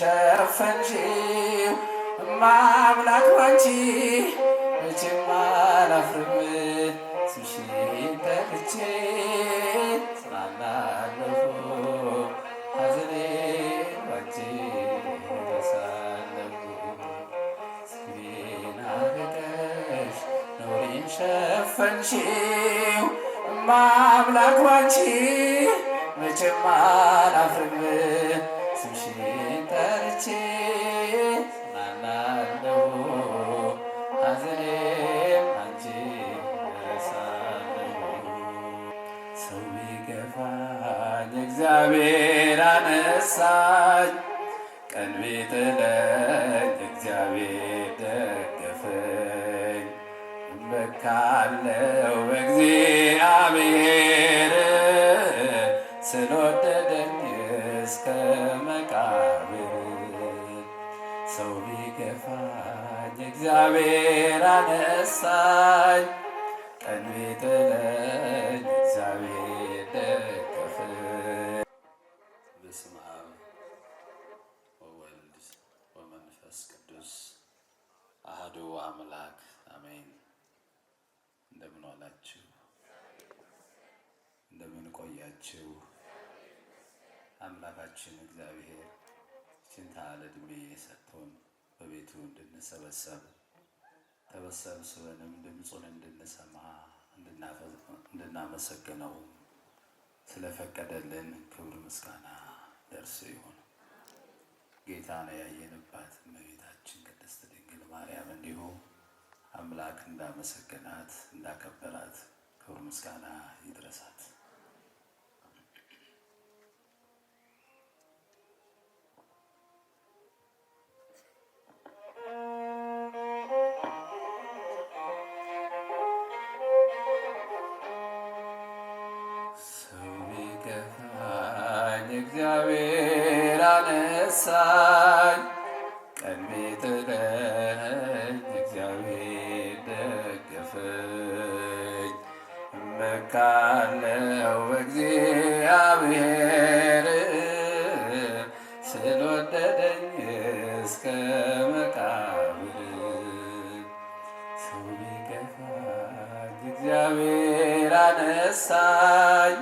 ሸፈንሽው እማምላክ ባንቺ መቼም አላፍርም ስምሽን ጠርቼ ስላለፈ ሐዘኔ ባንቺ ረሳለሁ ስሜን አርቀሽ ነውሬን ሸፈንሽው እማምላክ ባንቺ መቼም አላፍርም በእምነት እግዚአብሔር አነሳኝ፣ ቀን ቢጥለኝ እግዚአብሔር ደገፈኝ። እመካለሁ በእግዚአብሔር ስለወደደኝ እስከ ሰው ቢገፋኝ እግዚአብሔር አነሳኝ። ቀን ቢጥለኝ እግዚአብሔር ደገፈኝ። በስመ አብ ወወልድ ወመንፈስ ቅዱስ አሐዱ አምላክ አሜን። እንደምን ዋላችሁ? እንደምን ቆያችሁ? አምላካችን እግዚአብሔር ችንታለድ እንድንሰበሰብ ተበሰብስበንም ድምፁን እንድንሰማ እንድናመሰግነው ስለፈቀደልን ክብር ምስጋና ደርሶ ይሁን። ጌታን ያየንባት እመቤታችን ቅድስት ድንግል ማርያም እንዲሁ አምላክ እንዳመሰገናት እንዳከበራት ክብር ምስጋና ይድረሳት። ረሳኝ ቀድሜ ጥለኝ እግዚአብሔር ደገፈኝ። እመካለው እግዚአብሔር ስለወደደኝ እስከ መቃብር ሰው ቢገፋኝ እግዚአብሔር አነሳኝ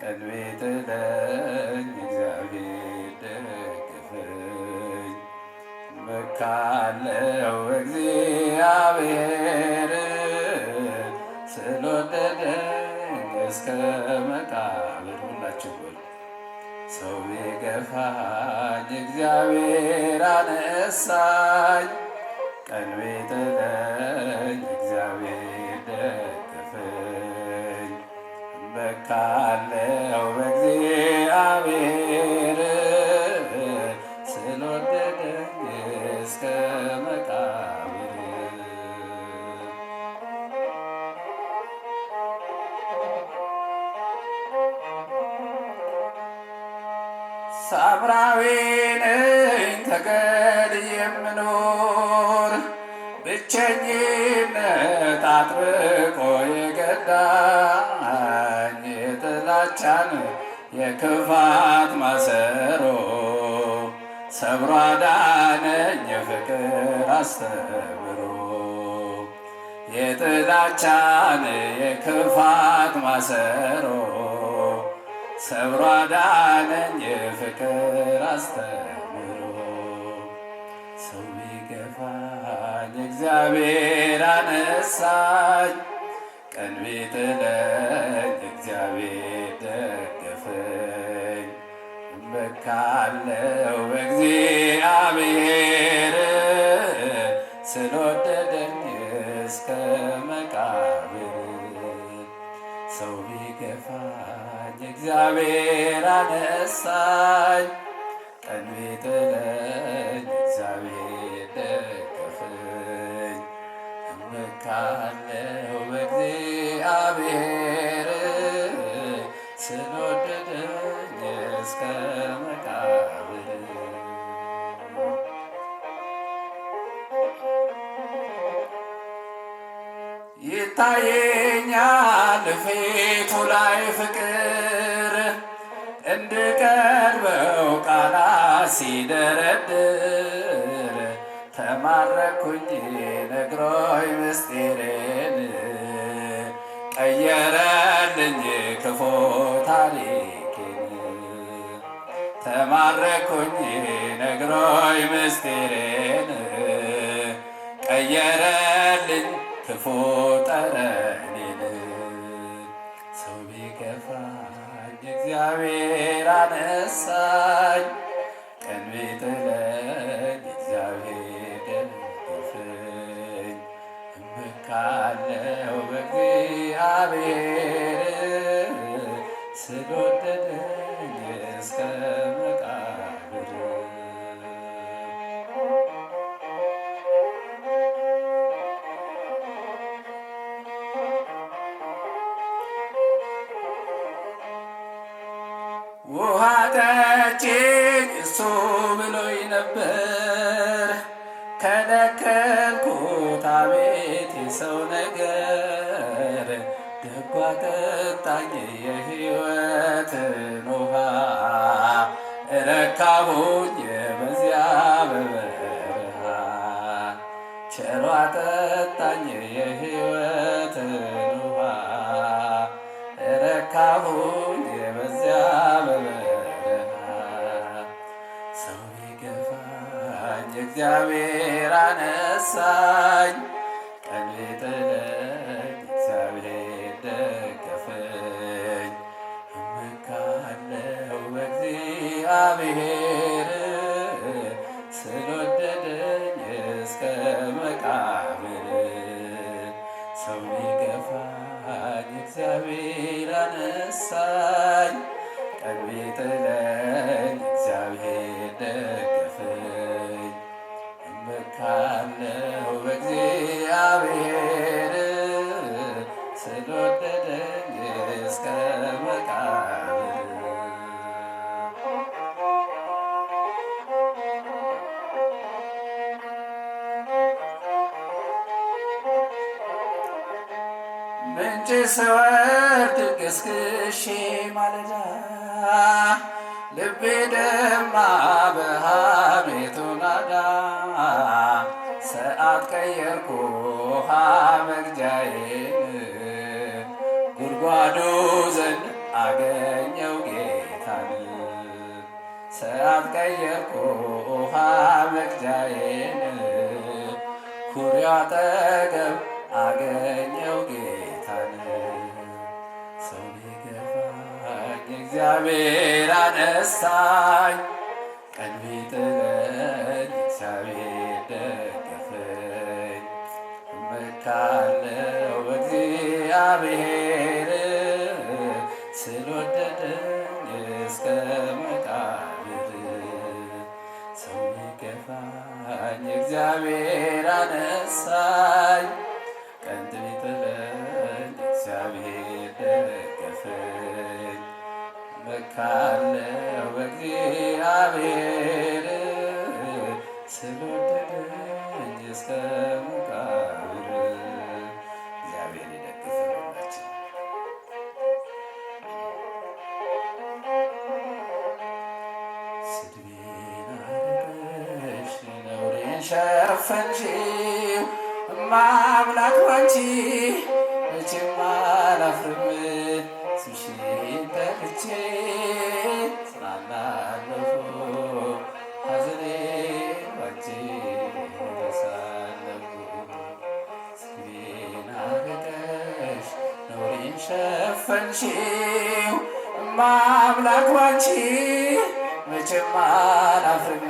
ጥለኝ አመልካለሁ እግዚአብሔር ስለወደደኝ እስከ መቃብር። ሁላችሁ ሰው ቢገፋኝ እግዚአብሔር አነሳኝ ቀን ቤጠለኝ አስከዳኝ የጥላቻን የክፋት ማሰሮ ሰብሮ አዳነኝ የፍቅር አስተምሮ የጥላቻን የክፋት ማሰሮ ሰብሮ አዳነኝ የፍቅር አስተምሮ ሰው ቢገፋኝ እግዚአብሔር አነሳኝ ቀልቤ ጥለኝ እግዚአብሔር ደገፈኝ። እመካለው በእግዚአብሔር ስለወደደኝ እስከ መቃብር። ሰው ቢገፋኝ እግዚአብሔር አነሳኝ። ቀልቤ ጥለኝ እግዚአብሔር መካለው በእግዚአብሔር ስለወደደኝ እስከ መቃብር ይታየኛል ፊቱ ላይ ፍቅር እንድቀርበው ቃላት ሲደረድር ተማረኩኝ ነግሮይ ምስጢሬን ቀየረልኝ ክፉ ታሪኬን ተማረኩኝ ነግሮይ ምስጢሬን ቀየረልኝ ክፉ ጠረኔን ሰው ቢገፋኝ እግዚአብሔር አነሳኝ እግዚአብሔር አጠጣኝ የሕይወትን ውሃ ረካሁኝ በዚያ በበረሃ ቸሮ አጠጣኝ የሕይወትን ውሃ ረካሁኝ በዚያ በበረሃ ሰው ቢገፋኝ እግዚአብሔር አነሳኝ ቀን Navihe. እጅ ስወርድ ልገስግሼ ማለዳ ልቤ ደማ በሐሜቱ ናዳ ሰዓት ቀየርኩ ውሃ መግጃዬን ጉድጓዱ ዘንድ አገኘው ጌታን ሰዓት ቀየርኩ ውሃ መግጃዬን ኩሪያ አጠገብ አገኘ እግዚአብሔር አነሳኝ ቀድሜ ጥለን እግዚአብሔር ደገፈኝ። እመካለው በእግዚአብሔር ስለወደደኝ እስከ መቃብር ሰው ይገፋኝ እግዚአብሔር አነሳኝ እመካለሁ በእግዚአብሔር ስለወደደኝ እስከ መቃብር። እግዚአብሔር ይደግፈናቸው። ነውሬን ባንቺ መቼም አላፍርም ስልሽ ጠርቼ ጽናናለሁ ሐዘኔ ባንቺ ረሳለሁ። ምስኪን አረገሽ ሸፈንሽው እማ ባንቺ መቼም አላፍርም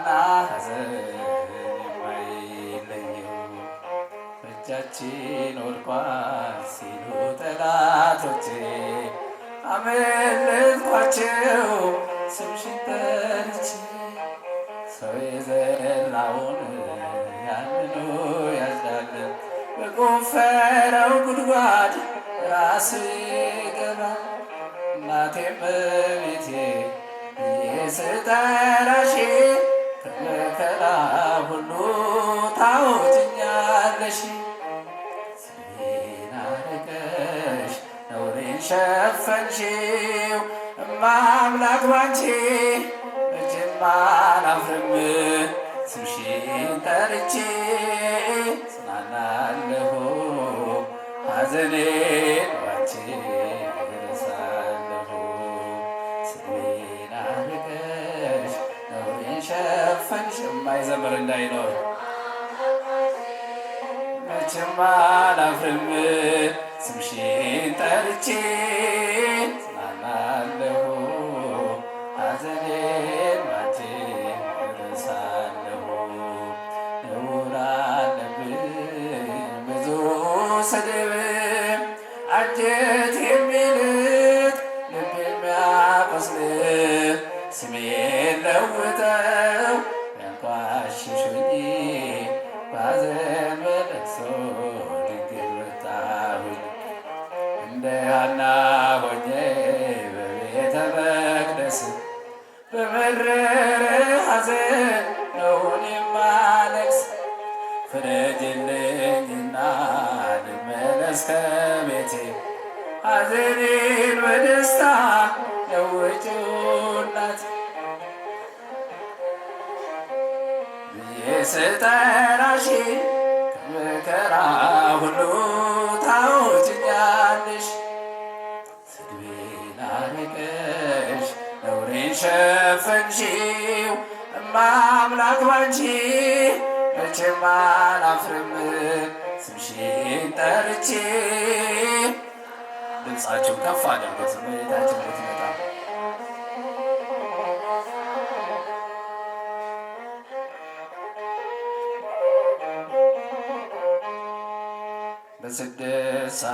ቁጣና ሐዘን የማይለየው እጃችን ወድቋል ሲሉ ጠላቶቼ አመለጥኳቸው ስምሽን ጠርቼ ሰው የዘራውን ያንኑ ያጭዳል በቆፈረው ጉድጓድ ራስ ይገባል። እናቴ በቤቴ የስጠራሽ መከራ ሁሉ ታውጭኛለሽ ስሜን አረቀሽ ነውሬን ሸፈንሽው እማ አምላክ ባንቺ መቼም አላፍርም ስምሽን ጠርቼ ጽናናለሁ ሐዘኔ ባንቺ እረሳለሁ ስሜን አረቀሽ ነውሬን ዘፈንሽ የማይዘምር እንዳይኖር መቼም አላፍርም ስምሽን ጠርቼ የሸፈንሽው እማምላክ ባንቺ መቼም አላፍርም ስምሽን ጠርቼ። ድምፃችሁ ከፍ አድርጉት እመቤታችን ብትመጣ በስደት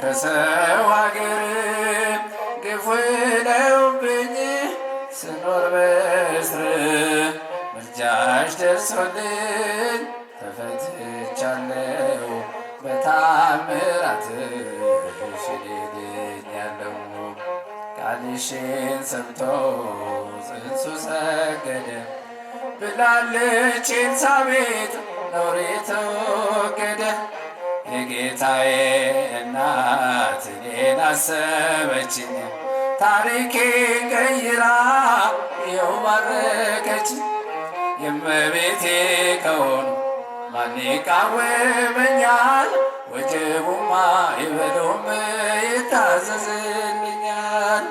ከሰው አገር ዳሽ ደርሶልኝ ተፈትቻለሁ በታምራትሽ ያለው ቃልሽን ሰምቶ ጽንሱ ሰገደ ብላለች ኤልሳቤጥ ኖሬ ተወገደ የጌታዬ እናት እኔን አሰበችኝ ታሪኬን ቀይራ የው ባረከችኝ የእመቤቴ ከሆኑ ማን ይቃወመኛል? ወጀቡማ ይበለውም ይታዘዝልኛል።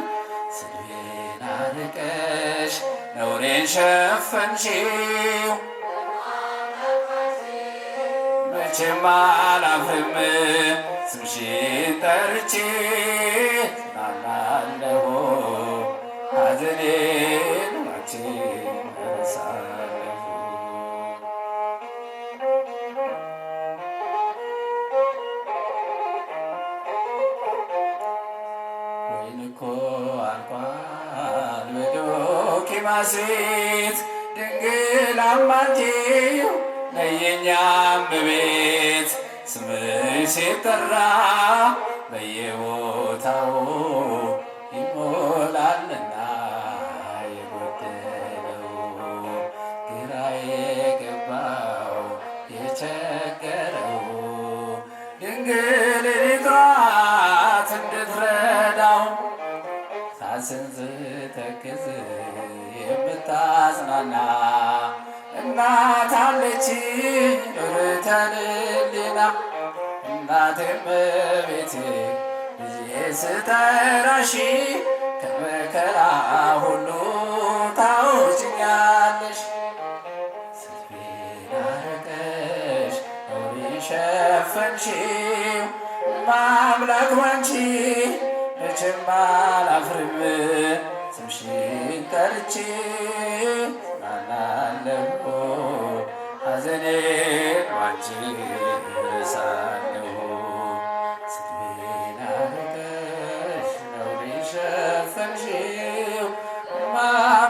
ስድቤን አርቀሽ ነውሬን ሸፈንሺው መቼም አላፍርም ስምሽን ጠርቼ ሴት ድንግል አማላጅ ነይኛ እመቤት ስምሽ ሲጠራ ተራሺ ከመከራ ሁሉ ታውጭኛለሽ ስሜን አረቀሽ ኖሪ ሸፈንሺው ማምላክ ወንቺ መቼም አላፍርም ስምሽን ጠርቼ ሐዘኔ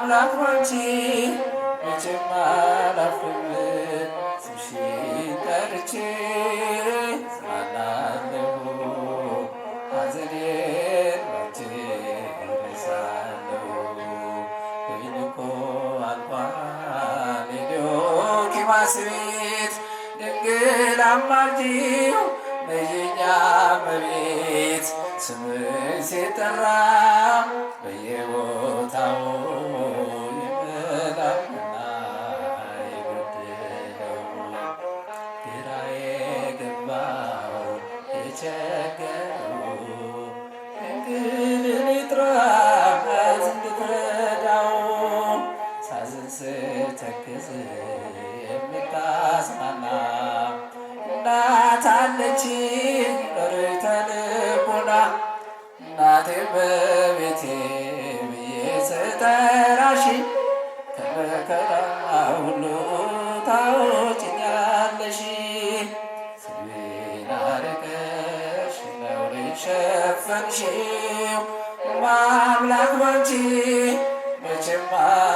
አምላክ አንቺ መቼም አላፍርም ስምሽን ጠርቼ እጽናናለሁ ሐዘኔን እረሳለሁ ቤት ድንግል አማላጅው ነይኛ እመቤት ስምሽ ሲጠራ በየቦታው ዘፈንሽው ማምላክ ባንቺ መቼማ